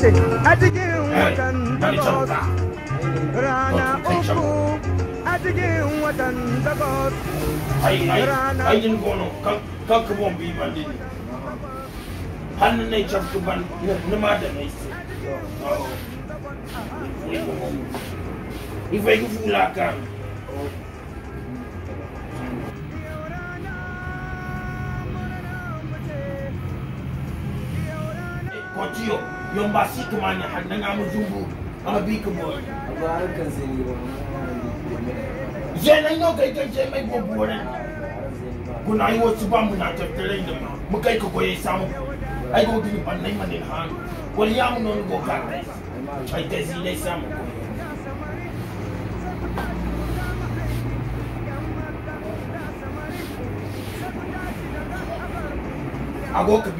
ce a cikin watan takwas rana uku a cikin watan takwas rana ayin gono kan ka bon bi bandi hannun nai cafku ban nima da nai su oh. ifai ku fula kan eh, Continue. yon ba si kuma ne har nan amu zumbu amma bi kuma abaran kan sai ni ba je nan yau kai kai je mai gobu wani kuna yi wasu ba mu na tattare da ma mu kai ka goye samu ai go bi ban nan mane ha wal ya mu non go ka ai ai kai zile samu ago ka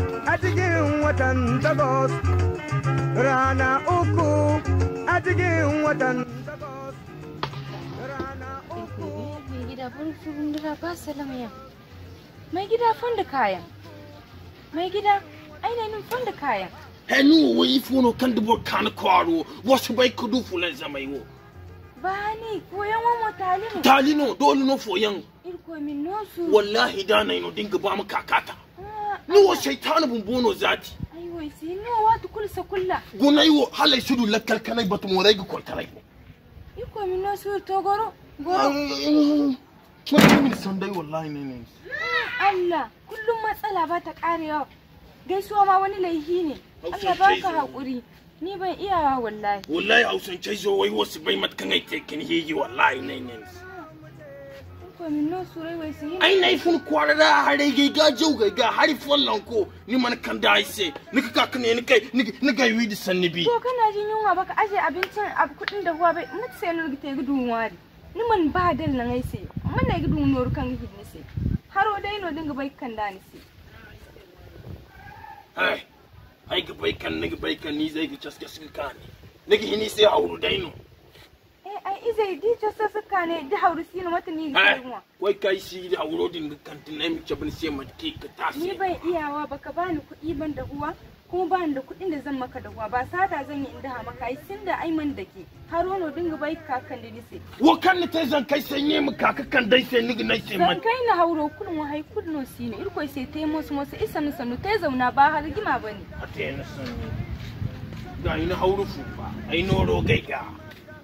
a cikin watan takwas rana uku a cikin watan takwas rana uku mai gida furfurun dira ba salamiya mai gida fanda kayan mai gida ainihin fanda kayan hannu wa yi funo kan dubu kan kwaro wasu bai kudu fulan zamaiwo bani koyan wa motalino talino dole no foyan irko min nosu wallahi da na yi no dinga ba mu kakata nuwa shaitanu bumbono zati aiwa si nuwa tu kul sa kulla gunai wo halai sudu lakkal kanai batu morai ga koltarai iko min no su to goro goro mun min san dai wallahi ne ne Allah kullum matsala ba ta karewa gaisuwa ma wani laihi ne Allah ba ka hakuri ni ban iyawa wallahi wallahi hausance zo wai wasu bai matkan ai tekin hiji wallahi ne ne ai na ifun kwara da hare ga ga jau ga ga hari follan ko ni man kan da ise ni ka kaka ne ni kai ni ga yi disan sanni bi to kana jin yunwa baka aje abincin a kudin da huwa bai mutu sai lur gite gudu wari ni man ba dal nan ai sai man na gudu nor kan gidi ni sai haro dai no dinga bai kan da ni sai ai ai ga bai kan ni ga bai kan ni zai ga caske suka kani ni ga hini sai hauru dai no Eh, izaidi cosa sukkane di hawru ne wata ni girma wai kai shi da aurodin kantin na mi cabin sai ma ke ka tasi ni ban iyawa baka bani kuɗi ban da huwa kuma bani da kuɗin da zan maka da huwa ba sata zan yi inda maka ai sin da ai man dake har wano dinga bai kakan da nise wo kan ni tai zan kai sanye mu kan dai sai ni gnai sai man kai na hauro kun wa hai kun no sino irko sai tai musu musu isa nu sanu tai zauna ba har gima bane a tai na sun ga ina hauro fufa ai no rogai ga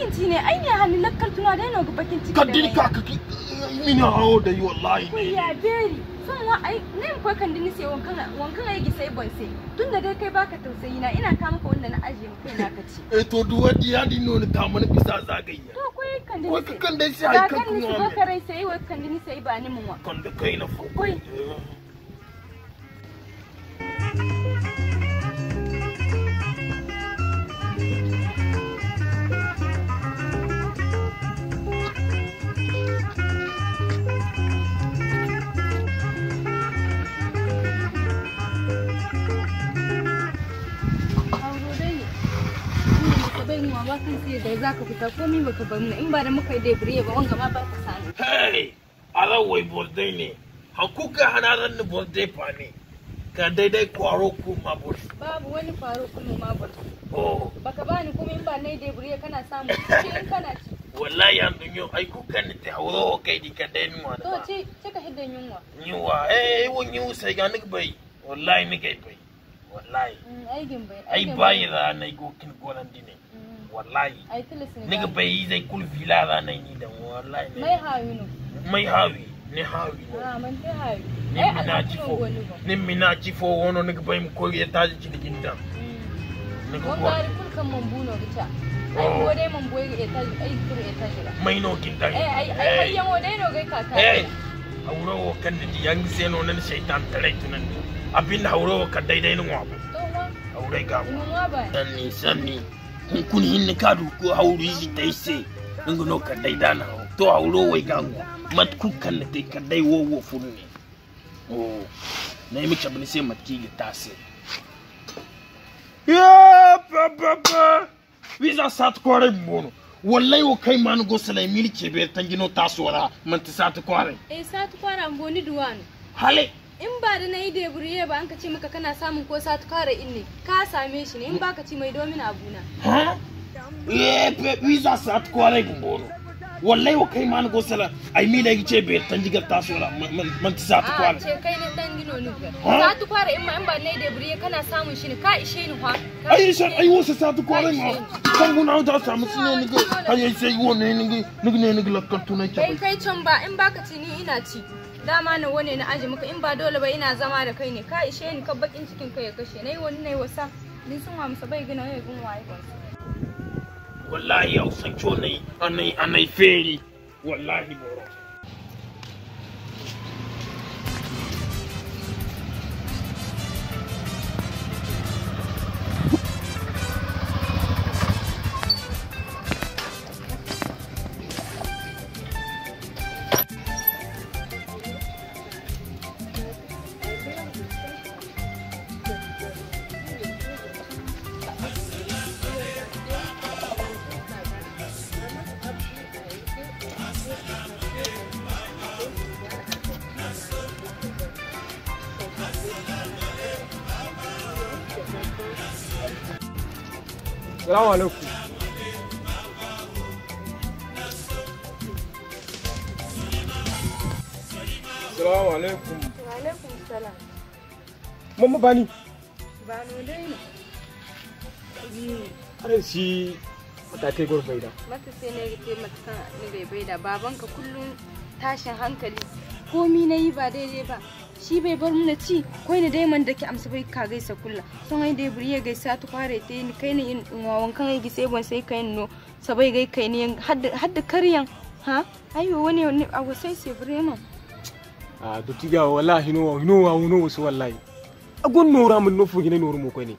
bakin ci ne ai ne hannu lakkar tuna dai bakin ciki kadin ka ka mina hawo da yi wallahi ne ya son wa ai ne kan sai wankan wankan ai gi sai bonse tunda dai kai baka tausayi na ina ka maka wanda na aje mu kai naka ci eh to duwa diya din non ka mun zagayya to kan kan dai sai ka kuma ka rai sai kan sai ba ni mun wa kan da kai na kan sai da za ka fita komai baka bar mu in ba da muka yi da bire ba wanga ma ba ka sani hey aran wai birthday ne hakuka hana ran ni birthday fa ne ka daidai kwaro ko mabur babu wani kwaro ko mabur oh baka bani komai in ba nai da bire kana samu ce in kana ci wallahi an dunyo ai kuka ni ta hauro kai di ka dai nuwa to ce ce ka hidda yunwa yunwa eh wani yunwa sai ga ni bai wallahi ni kai bai wallahi mm, ai bai ai bai ra nai gokin gonan dine wallahi niga bai zai kul vila ranar ni da wallahi mai hawi no mai hawi ne ah, hawi ni mina jifo ni mina jifo wono niga bai mu koriya ta ji cikin ta hmm. niga kuwa kan mambu no gita ai oh. dai mambu ya ta ai kure ya ta jira mai no kinta eh, ai ai ai yamo dai no gai kaka eh. ai hauro kan da yan zeno nan shaitan tare tunan abin hauro ka daidai nan wabo aurai ga mu sanni sanni nkuni hinne kadu ko hauru yi taise ka dai dana to hauro wai gango mat ku kukan ne ka dai wo wo funne o na mi chabni sai mat ki ga tase ya pa pa pa visa sat kore mono wallahi wo kai man go sala milke be tangino tasora man ta sat kore e sat kore amboni duwan hale in ba da na yi deburiye ba an ka ce maka kana samun ko sa tukara in ne ka same shi ne in ba ka ci mai domin abuna ha eh pe za sa tukara in boro wallahi wa kai na gosala ai mi da gice be tan jigar ta sura man ta sa tukara ce kai ne dan gino sa in ma in ba na yi deburiye kana samun shi ne ka ishe ni fa ai shan ai wasa sa tukara ma kan guna da samu sunan ni ga ai sai ne ni kai kai can ba in ba ci ni ina ci dama na wane na aji maka in ba dole ba ina zama da kai ne ka ishe ni ka bakin cikin kai ya kashe nayi wani nayi wasa din sun wa musa bai gina yayi gun waye ba wallahi ya san cho anai anai feri wallahi boro Salamu alaikum. Salamu alaikum. Wa alaikum bani. Bano dai ne. Ana shi matakai gurbai Mata sai na rike matakan ni bai bai da babanka kullum tashin hankali komi na yi ba daidai ba shi bai bar muna ci kai ne dai man da ke amsa bai ka gaisa kullum sun ai dai buriya gaisa tu kware te ni kai ne in wawan kan ai sai ban sai kai no bai gai kai ne hadda karyan ha ayo wani wani abu sai sai burema a to ga wallahi no no wa no so wallahi no ra mun no fugi ne no mu kai ne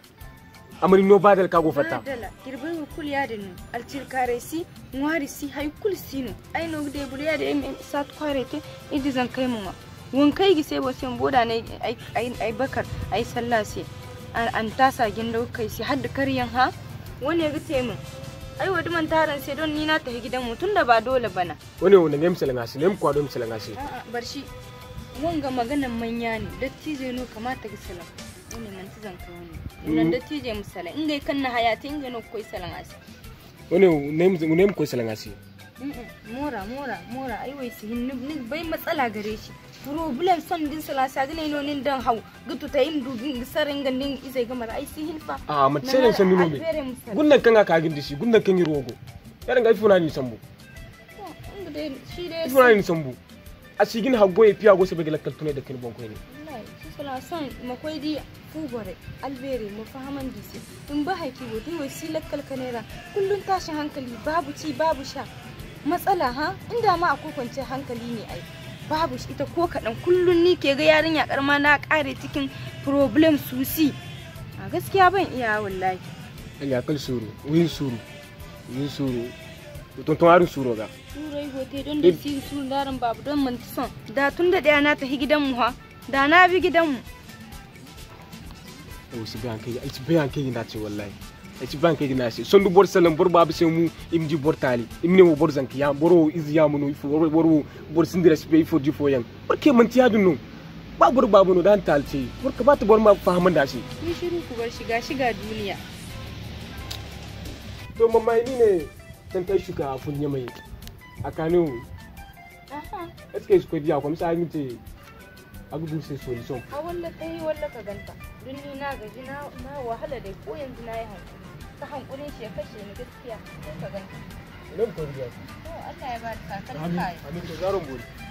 amari no badal ka go fatta badala kirbe kul ya din alcir kare si ngwari si hay kul sino ai no de buriya de sa tu kware te idizan kai mu ma wun kai gi ba sai boda ne ai ai bakar ai sallah sai an tasa gindau kai har da kariyan ha wani ga te mun ai wadu man taran sai don ni na ta gidan mu tunda ba dole bana wani wani ne misalan asi ne kwa don misalan a bar shi wanga maganan manya ne datti zai no kamata ga salam wani man ta zanka wani nan mm. datti misala In inga kan na hayati in ga no koi salan asi wani ne ne koi salan asi mora mora mora ai wai ni bai matsala gare shi problem son din sala gane no nin dan hau gutu ta yin dugin sarin ganin izai gamar ai si hilfa a ah, mace ne san mino me gunnan kan ka gin shi gunnan kan yi rogo yaran ga ifuna ni sambu oh, ifuna ni sambu a shigin hago ya fiya go sabe galakal tunai da kin bonko ne sala son makwai di fugore albere mu fahaman dise in ba haiki go di wasi lakkal kanera kullun tashi hankali babu ci babu sha matsala ha inda ma akwai kwanciyar hankali ne ai babu shi ita ko kaɗan kullum ni ke ga yarinya karma na ƙare cikin problem susi a gaskiya ban iya wallahi ya kai suru win suru win suru tuntun harin suru ga surai hote don da sin suru larin babu don manti son da tun da ɗaya na tafi gidan mu ha da na bi gidanmu. mu wasu bayan kai bayan kai na ce wallahi E ci banke gina se sondu bor salam bor babu se mu imji bor tali imne wo bor zanki ya boro izi ya munu ifo bor bor bor sindira spe ifo di fo yan bor ke man tiya dunno ba bor babu no dan talce bor ka bata bor ma fahaman da shi ni shiru ku bar shiga shiga duniya to mamma ni ne dan kai shuka funya mai wu est ce su ko dia ko ngi ci te agudu sai solution a walla kai walla ka ganta dunni na gaji na wahala da ko yanzu na yi hankali ka hankulin shi ya kashe ni gaskiya sai ka gani. Ran ko riga. To Allah ya ba ka kai. Amin. Amin gobe.